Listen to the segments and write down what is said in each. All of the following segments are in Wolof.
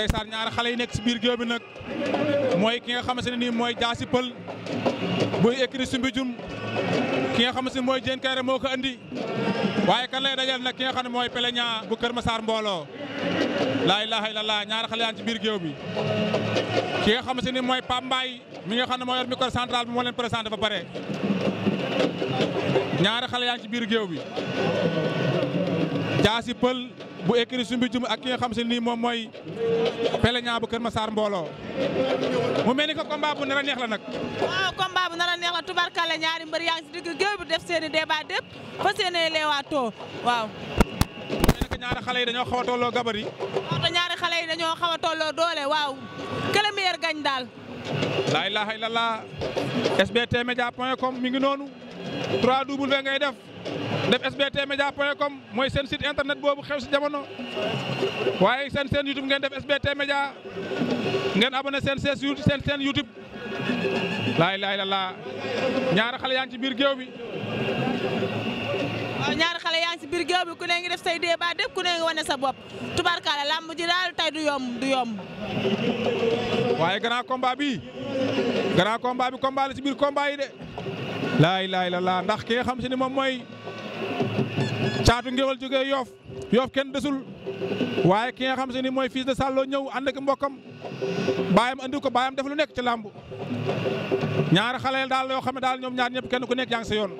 ndeysaan ñaari xale yi nekk si biir bi nag mooy ki nga xamante ne nii mooy jaasi pël buy écrit sumbi jum ki nga xamante ne mooy Diène Kairé moo ko andi waaye kan lay dajal nag ki nga xam ne mooy Peleña bu Kër Massar mbooloo laa ilaha illallah ñaari xale yaan ci biir géew bi ki nga xamante ne mooy Pape Mbaye mi nga xam ne moo yor micro central bi moo leen présenté ba pare ñaari xale yaa ci biir géew bi jaasi pël bu écrit Soumbédioune ak ki nga xam si nii moom mooy Peleña bu Kër ma saar mbooloo mu mel ni que combat bu nar a neex la nag. waaw combat bu nar a neex la tubarkalla ñaari mbër yaa ngi si digg géew bi def seen i débat dépp fa seen i leewaatoo waaw. ñaari xale yi dañoo xaw a tolloo gabar yi. waaw ñaari xale yi dañoo xaw a tolloo doole waaw. que le meilleur gagne daal. laa ilaaha illallah sbtmedia point com mi ngi noonu 3W ngay def. def kom mooy seen site internet boobu xew si jamono waaye seen seen YouTube ngeen def SBT Media ngeen abonné seen seen seen YouTube laay laay la laa ñaari xale yaa ngi ci biir géew bi. waaw ñaari xale yaa ngi ci biir géew bi ku ne ngi def say débat def ku ne ngi wane sa bopp tubarkaale làmb ji daal tey du yomb du yomb. waaye grand combat bi grand combat bi combat la ci biir combat yi de laay laay la laa ndax ki nga xam si ne moom mooy. caatu ngéwél jógee Yoff yoof kenn desul waaye ki nga xam se ni mooy fils de Sallo ñëw ànd ak mbokkam baayam andi ko baayam def lu nekk ci làmb ñaari xaleel daal yoo xam ne daal ñoom ñaar ñëpp kenn ku nekk yaa ngi yoon.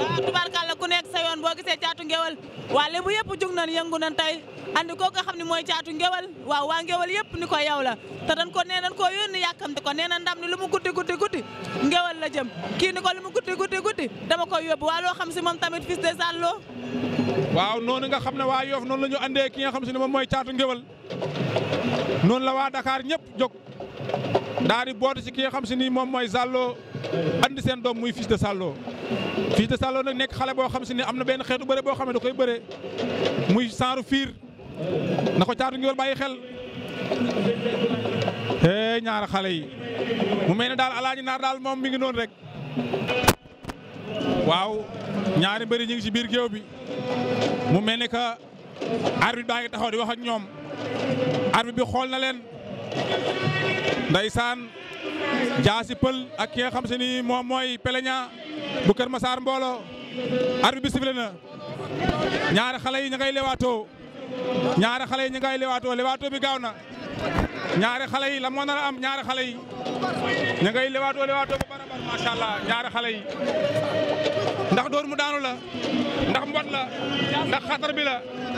waaw tubarkalla nekk sa yoon boo gisee caatu ngewal waa lébu yëpp jug nañ yëngu nañ tey andi ko nga xam ne mooy caatu ngewal waaw waa ngewal yëpp ni ko yow la te dañ ko nee nañ koo yónni yàkkamte ko nee na ndam ni lu mu guddi guddi guddi ngewal la jëm kii ni ko lu mu guddi guddi dama ko yóbbu waa loo xam si moom tamit fils de waaw noonu nga xam ne waa Yoff noonu la ñu andee ki nga xam si ne moom mooy caatu ngéwal noonu la waa dakaar ñëpp jóg daal di boot si ki nga xam si ni moom mooy Zallo andi seen doom muy fils de Zallo fils de sallo nag nekk xale boo xam si ne am na benn xeetu bëre boo xam ne da koy bëre muy saaru fiir na ko caatu ngéwal bàyyi xel ee ñaara xale yi mu mel ne daal alaaji naar daal moom mi ngi noonu rek waaw ñaari mbëri ñu ngi ci biir géew bi mu mel ni que arbitre baa taxaw di wax ak ñoom arbitre bi xool na leen saan jaasi pël ak ki nga xam ni moom mooy peleña bu Kër Masaar mbooloo arbitre bi sifflé na ñaari xale yi ñu ngay lewaatoo ñaari xale yi ñu ngay lewaatoo bi gaaw na ñaari xale yi la moo nar am ñaari xale yi ñu ngay lewaatoo lewaatoo bu barabar macha allah ñaari xale yi dóor mu daanu la ndax mbot la ndax xatar bi la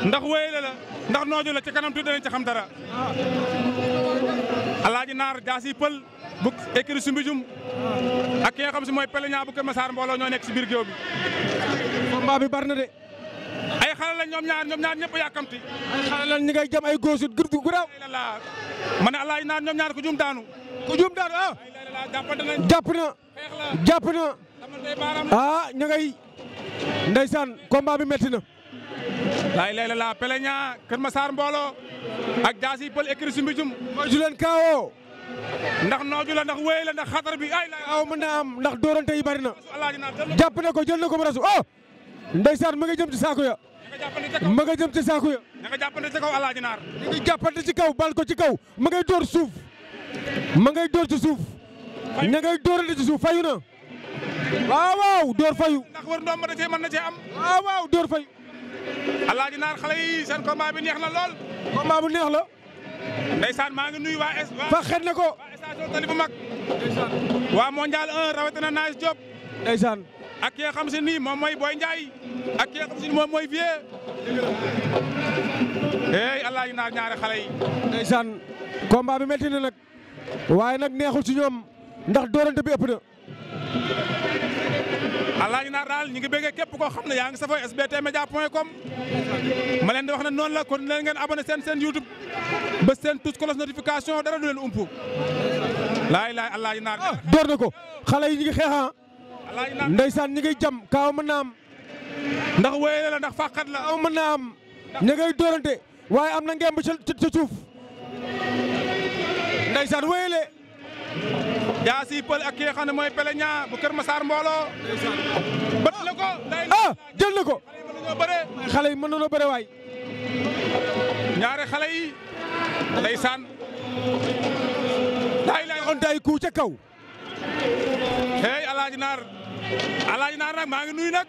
ndax wéyale la ndax nooju la ci kanam tuuti danañ ci xam dara alaaji naar jaasi pël bu écri sumbi jum ak ki nga xam si mooy peliñaa bu Kër Masaar mbooloo ñoo nekk si biir géew bi combat bi bari na de ay xale la ñoom ñaar ñoom ñaar ñëpp yàkkamti ay xale lañ ñi ngay jëm ay góosut gurdu guraaw ma a alaaji naar ñoom ñaar ku jum daanu ku ah. na jàpp na ah ña ndeysaan combat bi metti na laay lay la la Peleña Kër Massar mbooloo ak jaas yi pël écrit si mbicum moytu leen kaawoo ndax nooju la ndax wéy la ndax xatar bi ay lay aw mën na am ndax dóorante yi bari na jàpp na ko jël na ko mu rasu oh ndeysaan ma nga jëm ci saako ya ma nga jëm ci saako ya nga jàppante ci kaw alaaji naar ñu ngi kaw bal ko ci kaw ma ngay dóor suuf ma ngay dóor ci suuf ña ngay dóorante ci suuf fayu na waaw waaw dóor fayu ndax wër na cee am waaw waaw naar xale yi seen combat bi neex na lool combat bu neex la ndeysaan maa ngi nuyu waa es fa xet ko waa station tali bu mag waa Naas Diop ndeysaan ak ki nga xam ni moom mooy Boy Ndiaye ak ki nga xam si ni moom mooy Vieux hey alaaji naar ñaari xale yi ndeysaan combat bi metti na nag waaye nag neexul ci ñoom ndax doorante bi ëpp alaaji naar daal ñu ngi bëggee képp koo xam ne yaa ngi safoo sbt media point com ma leen di wax ne noonu la kon leen ngeen abonné seen seen youtube ba seen tous kolos notification dara du leen umpu laay laay alaaji naar ah, door na ko xale yi ñu ngi xeex ah ndeysaan ñu ngi jam kaaw mën naa am ndax wéyale la ndax fàqat la aw mën naa am ñu ngay dóorante waaye am na ngemb ca ca suuf ndeysaan wéyale jaasi pël ak ki xam ne mooy Pele ñaa bu Kër Massar mbooloo. bët na ko day ah, jël na ko. xale yi mën nañoo bëre waay. ñaari xale yi ndeysaan. day lay on day ku ca kaw. hey Alaaji Naar Alaaji Naar nag maa ngi nuyu nag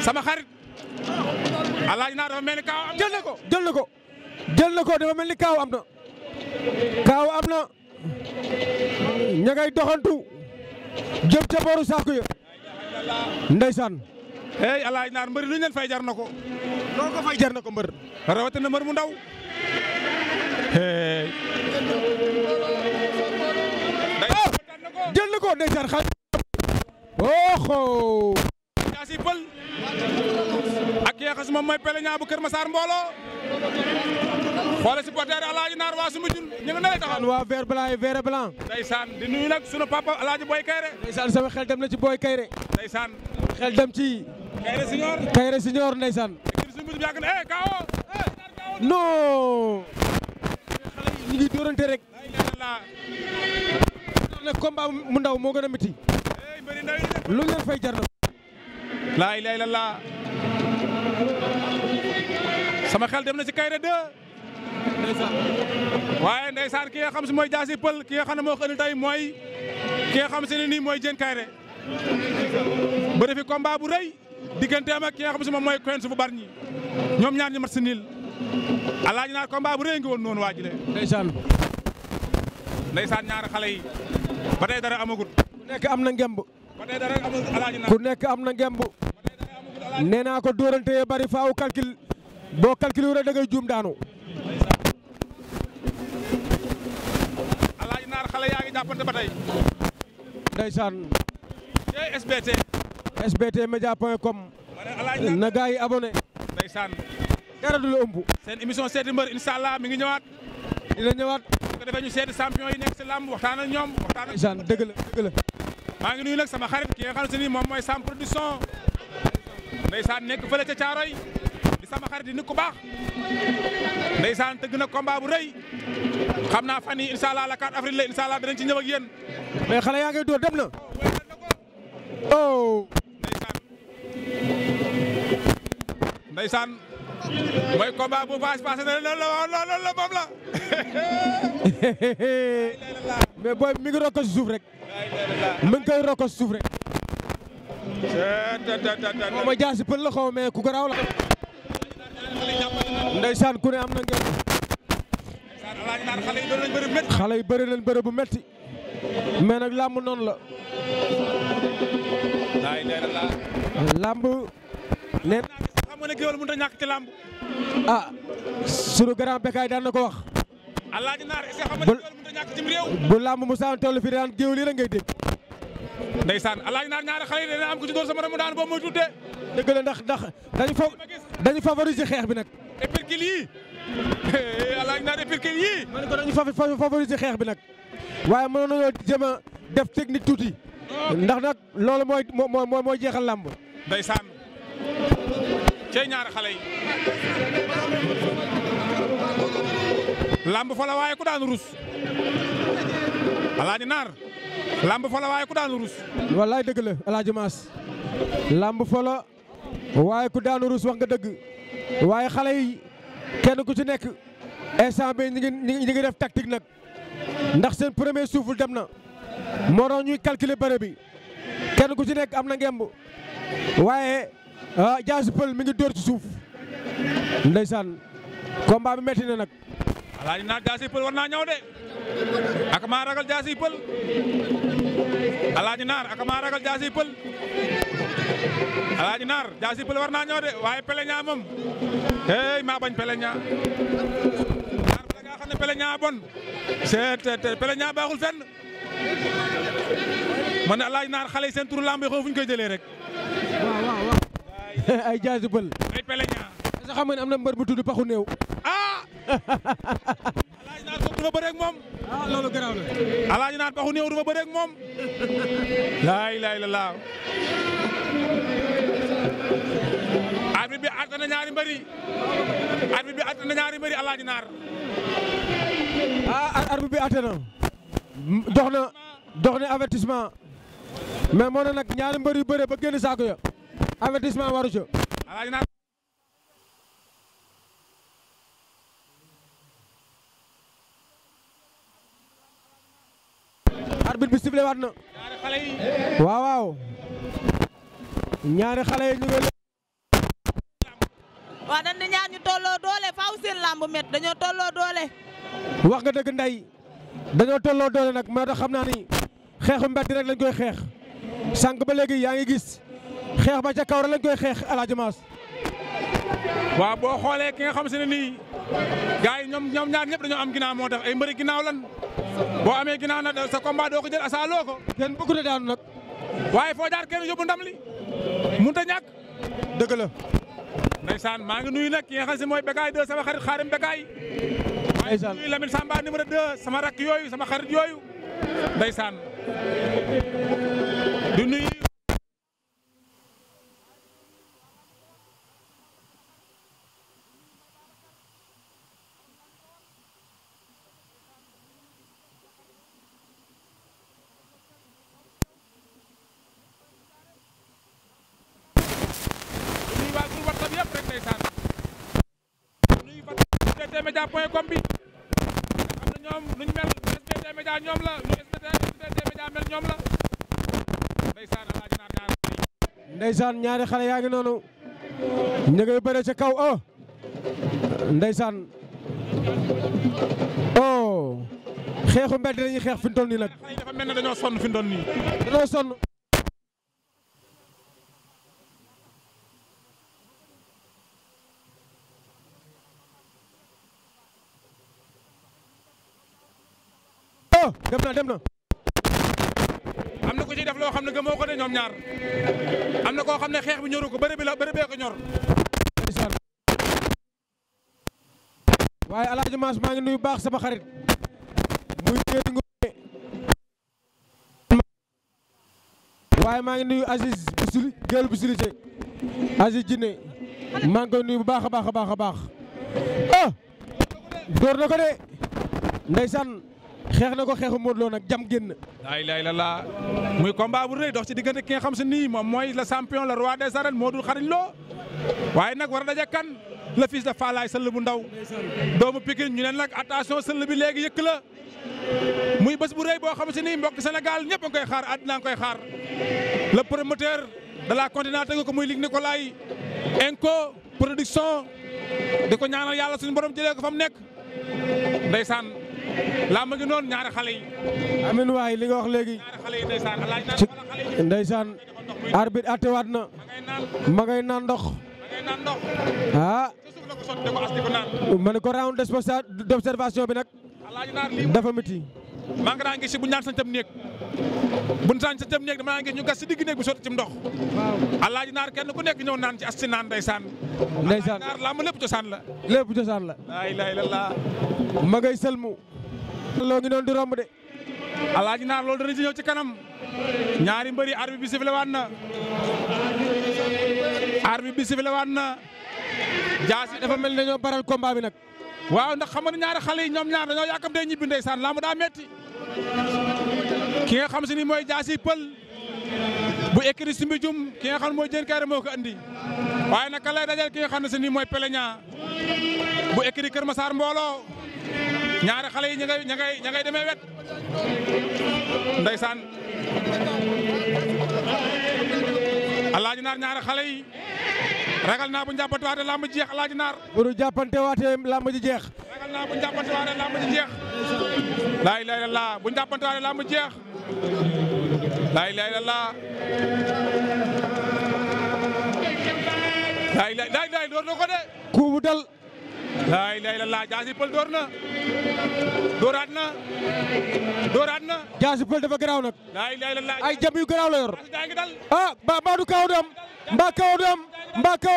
sama xarit Alaaji Naar dafa mel ni kaaw am jël na ko jël na ko. jël na ko dafa mel ni kaaw am na. kaaw am na. ña ngay doxantu jëm ca boru saako ya ndeysaan hey alaaj naar mbër lu ñu fay jar na ko loo ko fay jar na ko mbër rawatina mbër mu ndaw hey oh, jël na ko ndeysaan xaj oho jaasi pël ak yeexas moom mooy peleñaa bu Kër Masaar mbooloo xoola supporter alaaji naar waa sumbu jul ñu ngi nay taxaw waa vert blanc et vert blanc ndeysaan di nuyu nag sunu papa alaaji Boy Kayre sama xel dem na ci Boy Kayre ndeysaan xel dem ci Kayre Senior Kayre Senior ndeysaan équipe sumbu jul na eh, eh mu ndaw moo gën a miti eh, lu leen fay jar na sama xel dem na ci Kayre 2 waaye ndeysaan ki nga xam si mooy jaasi pël ki nga xam ne moo ko ëndi tey mooy ki nga xam si ne nii mooy Diène Kaïré bëri fi combat bu rëy digganteem ak ki nga xam si moom mooy Quench bu Bargny ñoom ñaar ñu mat si niil alaaji naar combat bu rëy ngi woon noonu waa ji de. ndeysaan. ndeysaan ñaari xale yi ba tey dara amagut. ku nekk am na ngemb. ba tey dara amagut nekk am na ngemb. nee naa ko dóorante bari faaw calcul boo calculé da ngay juum daanu. jàppante ba tey. ndeysaan. SBT. SBT Média point com. na gaa yi abonné. ndeysaan. dara du la ëmb. seen émission seeti mbër incha allah mi ngi ñëwaat. dina ñëwaat. bu ko defee ñu seeti champion yi nekk si làmb waxtaan ñoom waxtaan ak. la dëgg la. maa ngi nuyu nag sama xarit ki nga xam ne si nii moom mooy Sam Production. ndeysaan nekk fële ca Caaroy di sama xarit di nit ku baax. ndeysaan tëgg na combat bu rëy. xam naa fan yii incha allah la 4 avril la incha allah ci ñëw ak yéen. mais xale yaa ngi door dem na. oh. oh. ndeysaan. mooy combat bu paas paas na loolu la waaw loolu la moom la. mais booy mi ngi rokko si suuf rek. mi ngi koy rokko si la xaw ku garaaw la. ndeysaan ku ne am xale yi bëri nañ bëri bu metti mais nag làmb noonu la. làmb nee naa xam nga ne géwél mënut a ñàkk ci làmb. ah sunu grand Bécaye daan na ko wax. alaaji a ñàkk ci bu làmb Moussa toll fi daan géwél yi la ngay dégg. ndeysaan alaaji naar ñaari xale yi dina am ku ci door sama ramu daan boobu mooy tuddee. dëgg la ndax ndax dañu fa dañu favoriser xeex bi nag. alaaj naa répliquer yii. ma ne ko dañu favoriser xeex bi nag waaye mënoon nañoo jëm a def technique tuuti ndax nag loolu mooy mooy mooy jeexal làmb. ndeysaan cee ñaari xale yi. lamb fa la waaye ku daan rus alaaji naar lamb fa la waaye ku daan rus wallaay dëgg la alaaji maas lamb fa la waaye ku daan rus wax nga dëgg waaye xale yi kenn ku ci nekk instant bi ñu ngi ñu ngi def tactique nag ndax seen premier souffle dem na moo tax ñuy calculer bëre bi kenn ku ci nekk am na ngemb waaye ah, Diassy Peulh mi ngi dóor ci suuf ndeysaan combat bi metti na nag. alaaji naa Diassy Peulh war naa ñëw de ak maa ragal Diassy Peulh alaaji naar ak maa ragal alaaji naar jaasi pël war naa ñëw de waaye peleña moom hey maa bañ peleña peleña bon seet peleña baaxul fenn man ne alaaji naar xale yi seen turu lamb koy jëlee rek waaw waaw waaw ay jaasi pël ay peleña sa xam nga am na mbër bu tudd paxu néew ah! naar foog du fa bëreeg moom ah, laa ilaaha illallaah arbitre bi àtte ñaari mbëri arbitre bi ñaari mbëri alaaji naar ah arbitre bi àtte na dox na dox na avertissement mais moo nag ñaari mbër yu bëre ba génn saako ya avertissement waru ca alaaji naar arbitre bi sifflé waat na waaw waaw ñaari xale yi ñu ngi waaw dañ ne ñaar ñu tolloo doole faaw seen làmb met dañoo tolloo doole. wax nga dëgg nday dañoo tolloo doole nag moo tax xam naa ni xeexu mbedd rek lañ koy xeex sànq ba léegi yaa ngi gis xeex ba ca kaw lañ koy xeex Alaaji Maas. waaw boo xoolee ki nga xam se ne nii gars yi ñoom ñoom ñaar ñëpp dañoo am ginnaaw moo tax ay mbëri ginnaaw lan boo amee ginnaaw nag sa combat doo ko jël asaaloo ko. kenn bëggu daanu nag. waaye foo jaar kenn yóbbu ndam li. mënut a ñàkk dëgg la. ndeysaan maa ngi nuyu nag ki nga xam si mooy Bécaye 2 sama xarit xaarim Bécaye. ndeysaan maa ngi nuyu Lamine Samba numéro 2 sama rakk yooyu sama xarit yooyu ndeysaan du nuyu. media point com bi xam ne ndeysaan ñaari xale ndeysaan ñaari xale yaa ngi noonu ñu ngay bëre ca kaw oh ndeysaan oh xeexu mbedd lañuy xeex fi mu nii nag dañoo sonn fi nii dañoo sonn oh dem na dem na. am na ku ci def loo xam ne gëmoo ko de ñoom ñaar am na koo xam ne xeex bi ñoru ko bëre bi la bëre bee ko ñor. waaye El Hadj Mass maa ngi nuyu baax sama xarit muy Thierry Ngoné waaye maa ngi nuyu Aziz Bisili Géel Bisili Cé Aziz Jinne maa ngi koy nuyu bu baax a baax a baax a baax ah! door na ko de ndeysaan xeex na ko xeexu Modou Lo nag jam génn. laay laay la laa muy combat bu rëy dox ci diggante ki xam si nii moom mooy le champion le roi des arènes Modou xarañ Lo waaye nag war a daje kan le fils de Falaye sëll bu ndaw doomu Pikine ñu ne nag attention sëll bi léegi yëkk la muy bés bu rëy boo xam si nii mbokk Sénégal ñëpp a koy xaar àddina a koy xaar le promoteur de la continent tegu ko muy ko Nicolaï Enco production di ko ñaanal yàlla suñu borom jëlee ko fa nekk laa ma ngi noonu ñaari xale yi. amin waay li nga wax léegi. ci ndeysaan. arbitre attewaat na. ma ngay naan ndox. ah. ma ne ko round d'observation bi nag. dafa miti. maa ngi daan bu ñaan santam néeg bu ñu saan santam néeg dama daan gis ñu gas si digg néeg bi sotti ci ndox. alaaji naar kenn ku nekk ñëw naan ci as si naan ndeysaan. ndeysaan laa ma lépp cosaan la. lépp la. sëlmu. loo ngi noon di romb de. alaaji naar loolu dana ci ñëw ci kanam ñaari mbëri arbitre bi sifflé waat na arbitre bi sifflé waat na jaasi dafa mel ne dañoo baral combat bi nag. waaw ndax xam nga ñaari xale yi ñoom ñaar dañoo yàkkam day ñibbi ndeysaan laamu daa metti ki nga xam si ni mooy jaasi pël bu écrit si mbijum ki nga xam mooy jën kayre moo ko andi waaye nag ka lay dajal ki nga xam na si ni mooy peleña bu écrit Kër Massar mbooloo ñaari xale yi ña ngay ña ngay ña ngay demee naar ñaari xale yi ragal naa bu njàppante waate lamb ji jeex alaaji naar bu nu waate lamb jeex ragal naa bu njàppante waate lamb ji bu njàppante waate lamb jeex laa ilaaha illallaah door na ko de kuubu dal laay lay la laa jaasi pël door na dooraat na dooraat na jaasi pël dafa garaaw nag laay ay jam yu la yor ah ba maadu kaw du mbaa kaw du am mbaa kaw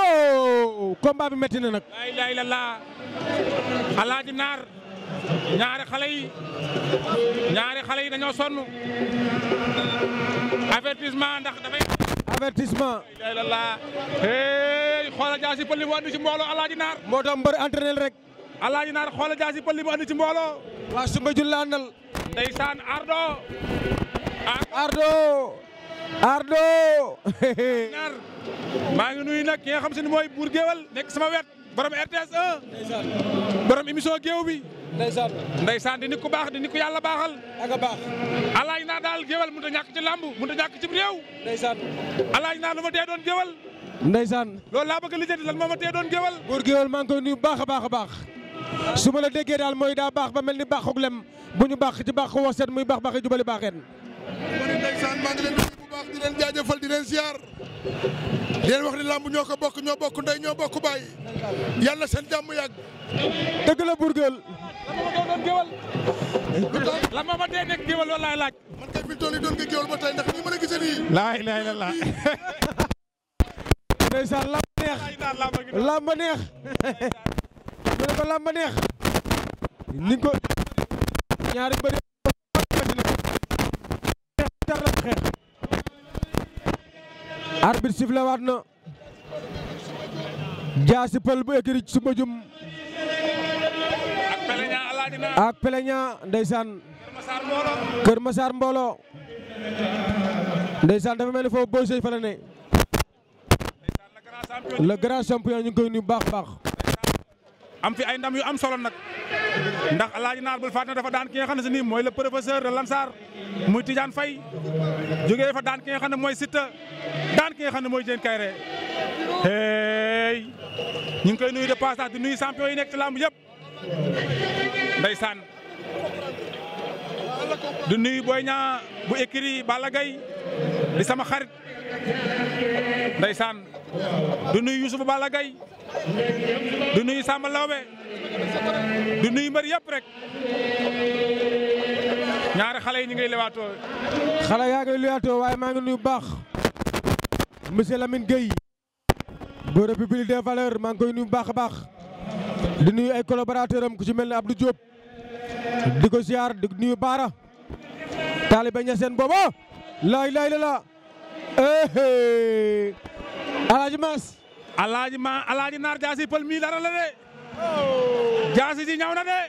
oh, bi métti na nag laay lay la alaaji naar ñaari xale yi ñaari xale yi dañoo sonn ndax avertissement ilallah hey xoola jaasi pël li mu andi ci mbooloo moo tax mbër entraînel rek alaaji naar xoola jaasi pël li mu andi ci mbooloo waa ardo ardo ardo maa ngi nuyu nag ki nga xam se ne mooy buur géwal nekk sama wet borom RTS 1. borom émission géew bi. ndeysaan ndeysaan di nit ku baax di nit ku yàlla baaxal. ak a baax. alaaj naa daal géwal mënut a ñàkk ci làmb mënut a ñàkk ci réew. ndeysaan. alaaj naa lu ma dee doon géwal. ndeysaan. loolu laa ba lijjanti lan moo ma tee doon géwal. buur géwal maa ngi koy nuyu baax a baax a baax. su ma la déggee daal mooy daa baax ba mel ni baaxug lem bu ñu baax ci baax ko waset muy baax baax jubali baaxeen. ma ne ndeysaan maa ngi leen di nuyu bu baax di leen jaajëfal di leen wax ni làmb ñoo ko bokk ñoo bokk ndey ñoo bokk baay yàlla seen jàmm yàgg. dëgg la Bourgueul. la ma dee nekk géwal loolu laaj. man kay fi mu doon nga géwal ba tey ndax ñu mën a gisee nii. laa ilaaha illallaah. ndeysaan làmb neex làmb neex. ñu ne ko làmb neex. ni ko ñaari bëri. xeex arbitre sifflé waat na jaasi pël bu écri sumba jum ak peleña ndeysaan Kër Massar mbooloo ndeysaan dafa mel ni foofu Boy Seye fa la ne le grand champion ñu ngi koy nuyu baax baax am fi ay ndam yu am solo nag ndax alaaji naar bul fàtte ne dafa daan ki xam ne si nii mooy la professeur de Lansar muy Tidiane Faye jógee fa daan ki nga xam ne mooy Siteu daan ki nga xam ne mooy Diène Kairé hey ñu ngi koy nuyu de passage di nuyu champion yi nekk laamu làmb yëpp ndeysaan di nuyu Boy Niang bu écrit Balla Gaye di sama xarit ndeysaan di nuyu Youssouf Balla Gaye di nuyu Samba Lawbe di nuyu mbër yëpp rek ñaari xale yi ñu ngay lewaatoo xale yaa ngay lewaatoo waaye maa ngi nuyu baax monsieur Lamine Gueye bu république des maa ngi koy nuyu baax a baax di nuyu ay collaborateur am ku ci mel ne Abdou Diop di ko ziar di nuyu Baara taaliba Ñaseen booba laay laay la la eh, eh. alaaji Maas alaaji Naar Jaasi pël mii dara la de jaasi ji ñaw de.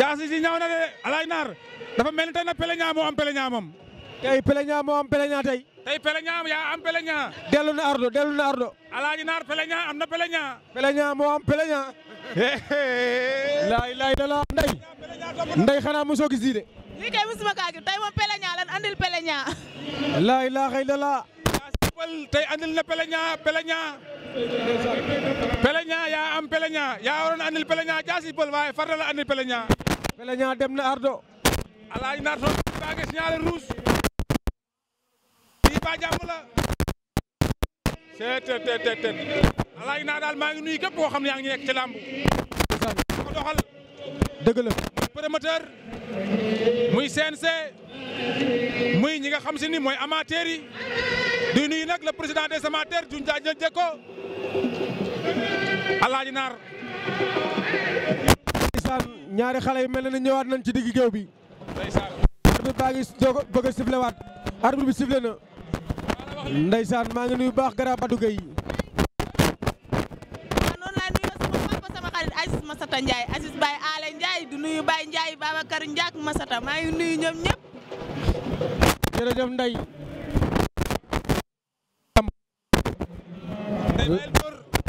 jaasi ji ñaw na de naar dafa mel ni tey nag peleñaa moo am peleñaa moom. tey peleñaa moo am peleñaa tey. tey peleñaa yaa am peleñaa. dellu na ardo dellu ardo. alaaji naar peleñaa am na peleñaa. peleñaa moo am peleñaa. laay laay la la nday nday xanaa mosoo gis de. lii kay mosuma kaa gis tey moom peleñaa lan andil peleñaa. laay laa xëy la jàppal tey andil na Pelleña Pelleña Pelleña yaa am Pelleña yaa waroon andil Pelleña jaasi pël waaye farta la andil Pelleña. Pelleña dem na Ardo. Alaaji Narto baa ngi signalé rouge. kii ba jàmm la. seet seet seet seet Alaaji naa daal maa ngi nuyu képp koo xam ne yaa ngi nekk ci làmb. ko doxal. dëgg la. muy promoteur. muy muy ñi nga xam si ni mooy amateur yi. di nuyu nag la président des amateurs Doudou Ndiaye Diécko Alaaji Naar. ndeysaan ñaari xale yi mel na ne ñëwaat nañ ci digg géew bi. ndeysaan. arbitre baa ngi doog siflewaat arbitre bi sifle na. ndeysaan maa ngi nuyu baax garab Badou Gueye. waaw noonu laay nuyoo sama papa sama xarit Aziz Masata Ndiaye Aziz Baye Aale Ndiaye du nuyu Baye Ndiaye Babacar Ndiak Masata maa ngi nuyu ñoom ñëpp. jërëjëf Ndeye.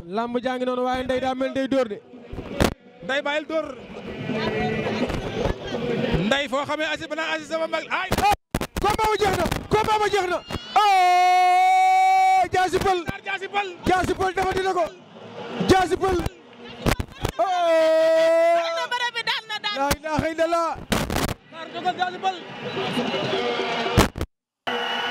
lamb jaa noonu waaye ndey daa mel ndey de ndey bàyyil dóor ndey foo xamee asi bana asi sama mag ay combat ba jeex na jaasi pël jaasi pël dafa dina ko jaasi pël laa ilaaha illallaa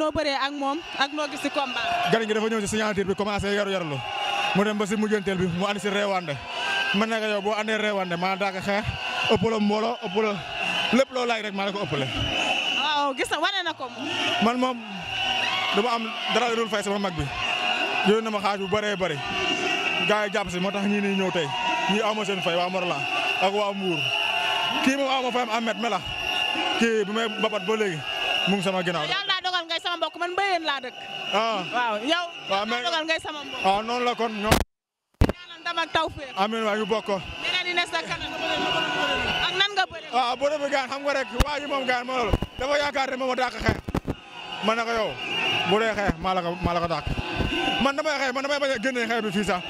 noo bëree ak moom ak noo gis si combat. gariñ gi dafa ñëw si signature bi commencé yaru yarlu mu dem ba si mujjanteel bi mu andi si reewande man nag boo andee reewande maa daaka xeex ëpp la mbooloo lépp loo laaj rek maa la ko ëppale. waaw gis man moom dama am dara dul fay sama mag bi yooyu na ma xaaj bu bëree bëri gars yi jàpp si moo tax ñii nii ñëw tey ñii aw seen fay waa Morlan ak waa Mbour kii moom aw ma fayam Ahmed Mela kii bu may bapat ba léegi mu ngi sama ngay sama mbokk man mbéyeen laa dëkk. ah waaw yow. waaw mais dogal ngay ah, la kon ñoom. ñaanal ndam ak tawfeex. amiin waay boo demee ah, gaan xam nga rek waa ji moom gaan ma loolu dafa yaakaar ne moom a dàq xeex man na ko yow bu dee xeex maa la ko maa la ko dàq man damay xeex man damay bañ a génnee xeex bi fii sax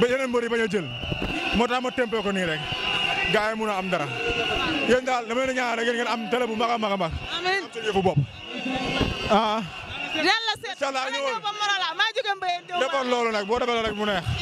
ba yeneen a jël moo tax ma tempee ko nii rek gaay yi mun a am dara yéen daal damay na ñaan rek ngeen am télé bu mag a mag a mag. amiin ah. lan la seet. incha allah ñëwoon maa jóge mbéy mi. defal loolu nag boo defee loolu rek mu neex.